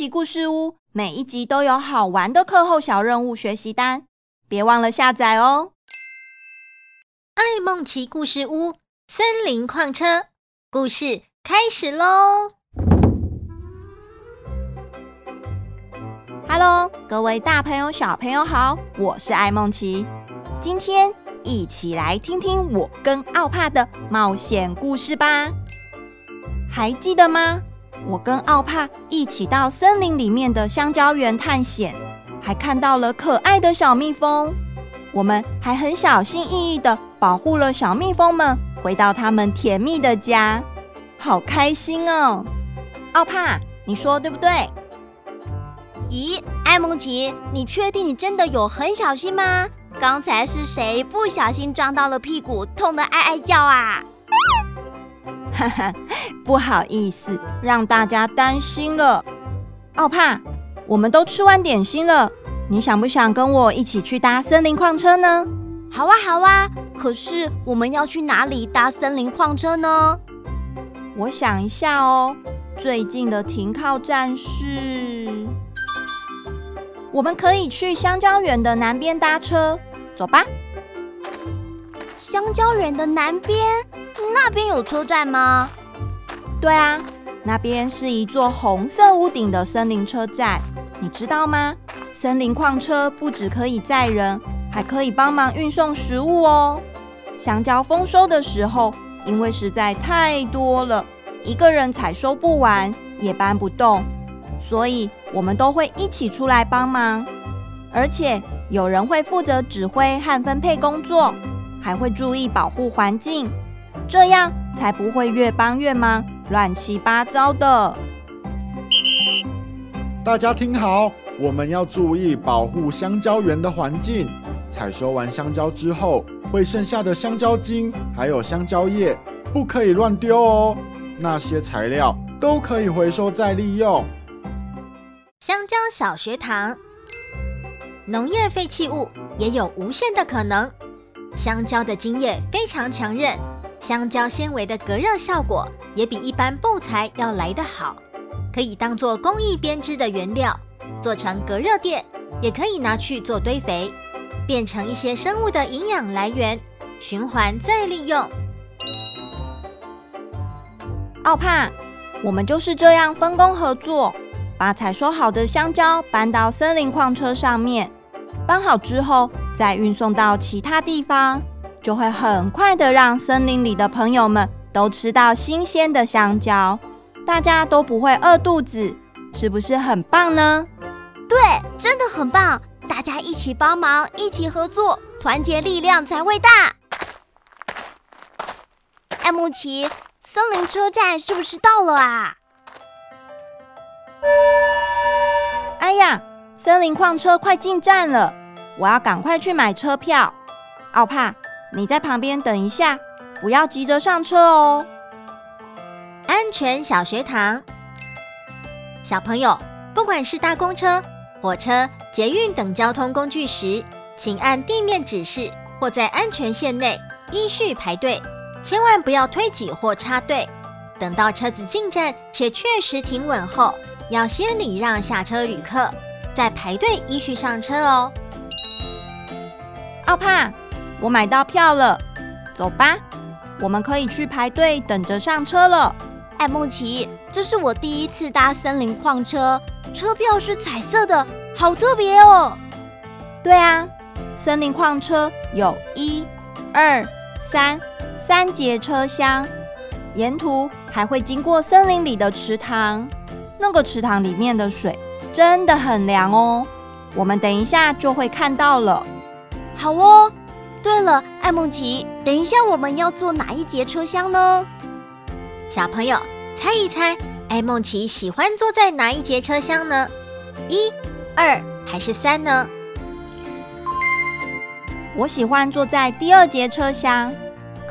奇故事屋每一集都有好玩的課後小任務學習單，別忘了下載哦！愛孟奇故事屋森林礦車故事開始嘍！Hello，各位大朋友小朋友好，我是愛孟奇，今天一起來聽聽我跟奧帕的冒險故事吧！還記得嗎？我跟奧帕一起到森林裡面的香蕉園探險，還看到了可愛的小蜜蜂。我們還很小心翼翼地保護了小蜜蜂們，回到他們甜蜜的家，好開心哦！奧帕，你說對不對？咦，愛孟奇，你確定你真的有很小心嗎？剛才是誰不小心撞到了屁股，痛得哀哀叫啊？哈哈， 不好意思，讓大家擔心了。奧帕，我們都吃完點心了，你想不想跟我一起去搭森林礦車呢？好啊，好啊。可是我們要去哪裡搭森林礦車呢？我想一下哦，最近的停靠站是……，我們可以去香蕉園的南邊搭車。走吧，香蕉園的南邊。那邊有車站嗎？對啊，那邊是一座紅色屋頂的森林車站，你知道嗎？森林礦車不只可以載人，還可以幫忙運送食物哦。香蕉豐收的時候，因為實在太多了，一個人採收不完，也搬不動，所以我們都會一起出來幫忙。而且有人會負責指揮和分配工作，還會注意保護環境。這樣才不會越幫越忙，亂七八糟的。大家聽好，我們要注意保護香蕉園的環境。採收完香蕉之後，會剩下的香蕉莖還有香蕉葉，不可以亂丟哦。那些材料都可以回收再利用。香蕉小學堂，農業廢棄物也有無限的可能。香蕉的莖葉非常強韌。香蕉纖維的隔熱效果也比一般布材要來得好，可以當做工藝編織的原料，做成隔熱墊，也可以拿去做堆肥，變成一些生物的營養來源，循環再利用。奧帕，我們就是這樣分工合作，把採收好的香蕉搬到森林礦車上面，搬好之後再運送到其他地方。就會很快地讓森林裡的朋友們都吃到新鮮的香蕉，大家都不會餓肚子，是不是很棒呢？對，真的很棒！大家一起幫忙，一起合作，團結力量才會大。愛孟奇，森林車站是不是到了啊？哎呀，森林礦車快進站了，我要趕快去買車票。奧帕。你在旁邊等一下，不要急着上車哦。安全小學堂，小朋友，不管是搭公車、火車、捷運等交通工具時，請按地面指示或在安全線內依序排隊，千萬不要推擠或插隊。等到車子進站且確實停穩後，要先禮讓下車旅客，再排隊依序上車哦。奧帕。我買到票了，走吧，我們可以去排隊等着上車了。愛孟奇，這是我第一次搭森林礦車，車票是彩色的，好特別哦。對啊，森林礦車有一二三三節車廂，沿途還會經過森林裡的池塘，那個池塘裡面的水真的很涼哦。我們等一下就會看到了。好哦。對了，愛孟奇，等一下我們要坐哪一節車廂呢？小朋友，猜一猜，愛孟奇喜歡坐在哪一節車廂呢？一、二還是三呢？我喜歡坐在第二節車廂，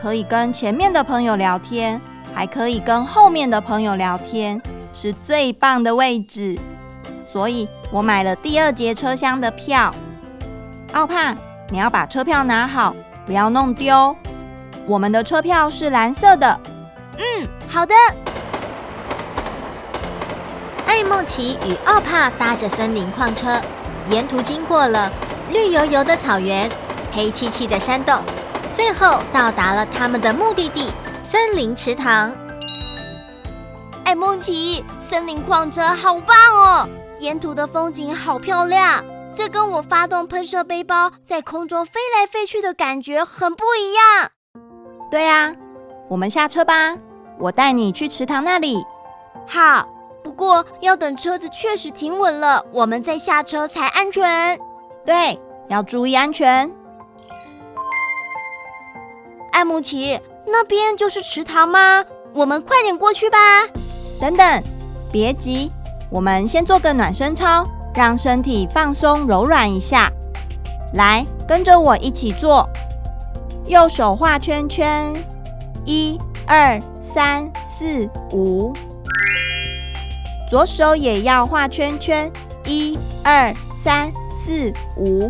可以跟前面的朋友聊天，還可以跟後面的朋友聊天，是最棒的位置。所以我買了第二節車廂的票。奧帕。你要把車票拿好，不要弄丟。我們的車票是藍色的。嗯，好的。愛孟奇與奧帕搭着森林礦車，沿途經過了綠油油的草原、黑漆漆的山洞，最後到達了他們的目的地——森林池塘。愛孟奇，森林礦車好棒哦！沿途的風景好漂亮。這跟我發動噴射背包在空中飛來飛去的感覺很不一樣。對啊，我們下車吧，我帶你去池塘那裡。好，不過要等車子確實停穩了，我們再下車才安全。對，要注意安全。愛孟奇，那邊就是池塘嗎？我們快點過去吧。等等，別急，我們先做個暖身操。讓身體放鬆、柔軟一下，來跟着我一起做。右手畫圈圈，一二三四五；左手也要畫圈圈，一二三四五。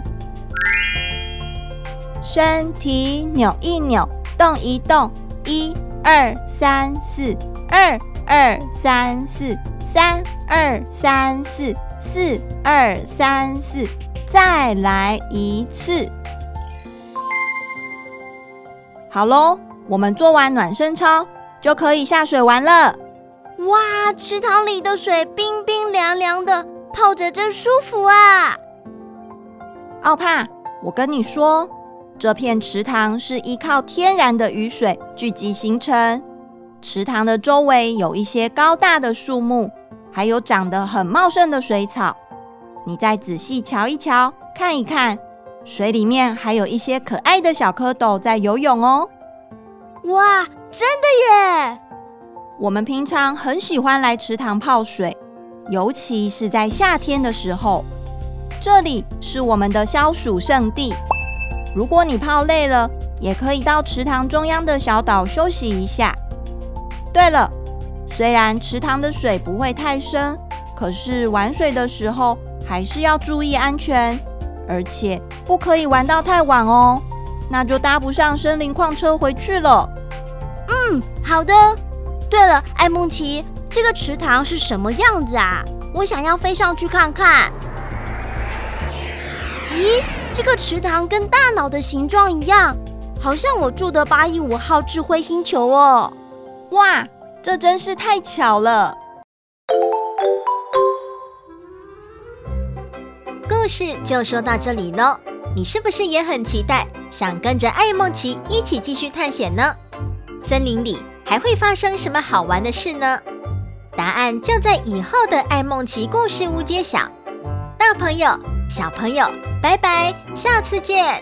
身體扭一扭，動一動，一二三四，二二三四，三二三四。四二三四，再來一次。好嘍，我們做完暖身操，就可以下水玩了。哇，池塘裡的水冰冰涼涼的，泡着真舒服啊！奧帕，我跟你說，這片池塘是依靠天然的雨水聚集形成，池塘的周圍有一些高大的樹木。還有長得很茂盛的水草，你再仔細瞧一瞧，看一看，水裡面還有一些可愛的小蝌蚪在游泳哦。哇，真的耶！我們平常很喜歡來池塘泡水，尤其是在夏天的時候，這裡是我們的消暑勝地。如果你泡累了，也可以到池塘中央的小島休息一下。對了。雖然池塘的水不會太深，可是玩水的時候還是要注意安全，而且不可以玩到太晚哦，那就搭不上森林礦車回去了。嗯，好的。對了，愛孟奇，這個池塘是什麼樣子啊？我想要飛上去看看。咦，這個池塘跟大腦的形狀一樣，好像我住的八一五號智慧星球哦。哇！這真是太巧了！故事就說到這裡咯，你是不是也很期待，想跟着愛孟奇一起繼續探險呢？森林裡還會發生什麼好玩的事呢？答案就在以後的愛孟奇故事屋揭曉。大朋友、小朋友，拜拜，下次見！